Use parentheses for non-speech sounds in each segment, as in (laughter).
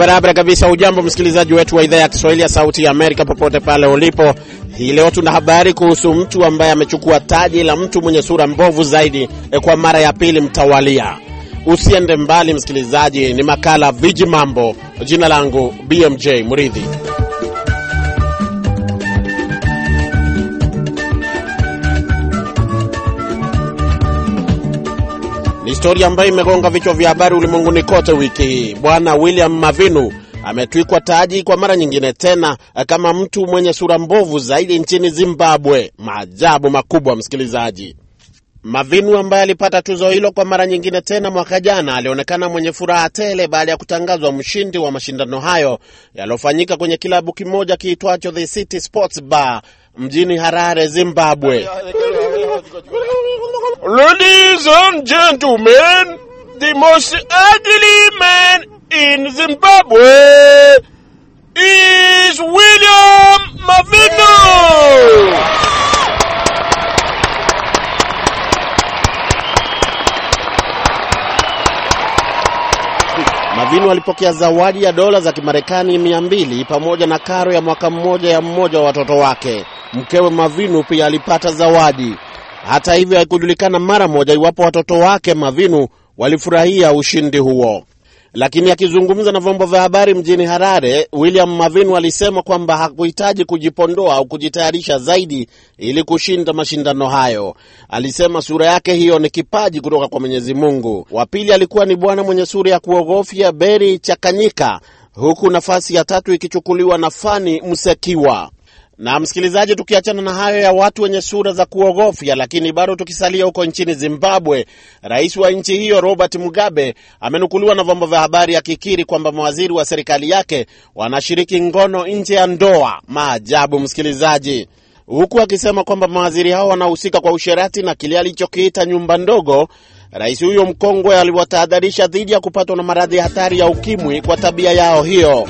barabara kabisa. Ujambo msikilizaji wetu wa idhaa ya Kiswahili ya Sauti ya Amerika, popote pale ulipo. Hii leo tuna habari kuhusu mtu ambaye amechukua taji la mtu mwenye sura mbovu zaidi e, kwa mara ya pili mtawalia. Usiende mbali msikilizaji, ni makala Viji Mambo. Jina langu BMJ Muridhi. Historia ambayo imegonga vichwa vya habari ulimwenguni kote wiki hii. Bwana William Mavinu ametwikwa taji kwa mara nyingine tena eh, kama mtu mwenye sura mbovu zaidi nchini Zimbabwe. Maajabu makubwa, msikilizaji. Mavinu ambaye alipata tuzo hilo kwa mara nyingine tena mwaka jana alionekana mwenye furaha tele baada ya kutangazwa mshindi wa mashindano hayo yaliyofanyika kwenye kilabu kimoja kiitwacho The City Sports Bar mjini Harare, Zimbabwe. (laughs) Ladies and gentlemen, the most ugly man in Zimbabwe is William Mavino. Mavinu alipokea zawadi ya dola za Kimarekani mia mbili pamoja na karo ya mwaka mmoja ya mmoja wa watoto wake. Mkewe Mavinu pia alipata zawadi. Hata hivyo, haikujulikana mara moja iwapo watoto wake Mavinu walifurahia ushindi huo. Lakini akizungumza na vyombo vya habari mjini Harare, William Mavinu alisema kwamba hakuhitaji kujipondoa au kujitayarisha zaidi ili kushinda mashindano hayo. Alisema sura yake hiyo ni kipaji kutoka kwa Mwenyezi Mungu. Wa pili alikuwa ni bwana mwenye sura ya kuogofya Beri Chakanyika, huku nafasi ya tatu ikichukuliwa na Fani Msekiwa. Na msikilizaji, tukiachana na hayo ya watu wenye sura za kuogofya, lakini bado tukisalia huko nchini Zimbabwe, rais wa nchi hiyo Robert Mugabe amenukuliwa na vyombo vya habari akikiri kwamba mawaziri wa serikali yake wanashiriki ngono nje ya ndoa. Maajabu, msikilizaji, huku akisema kwamba mawaziri hao wanahusika kwa usherati na kile alichokiita nyumba ndogo. Rais huyo mkongwe aliwatahadharisha dhidi ya kupatwa na maradhi hatari ya ukimwi kwa tabia yao hiyo.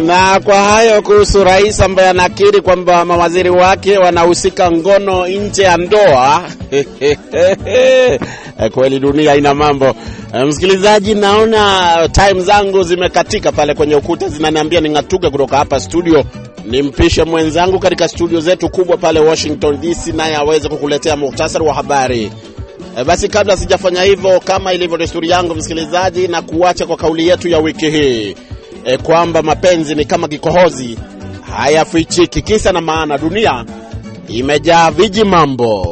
Na kwa hayo kuhusu rais ambaye anakiri kwamba mawaziri wake wanahusika ngono nje ya ndoa. (laughs) Kweli dunia ina mambo. Msikilizaji, naona time zangu zimekatika pale kwenye ukuta, zinaniambia ning'atuke kutoka hapa studio, nimpishe mwenzangu katika studio zetu kubwa pale Washington DC, naye aweze kukuletea muhtasari wa habari. e Basi kabla sijafanya hivyo, kama ilivyo desturi yangu, msikilizaji, na kuacha kwa kauli yetu ya wiki hii e, kwamba mapenzi ni kama kikohozi hayafichiki. Kisa na maana, dunia imejaa viji mambo.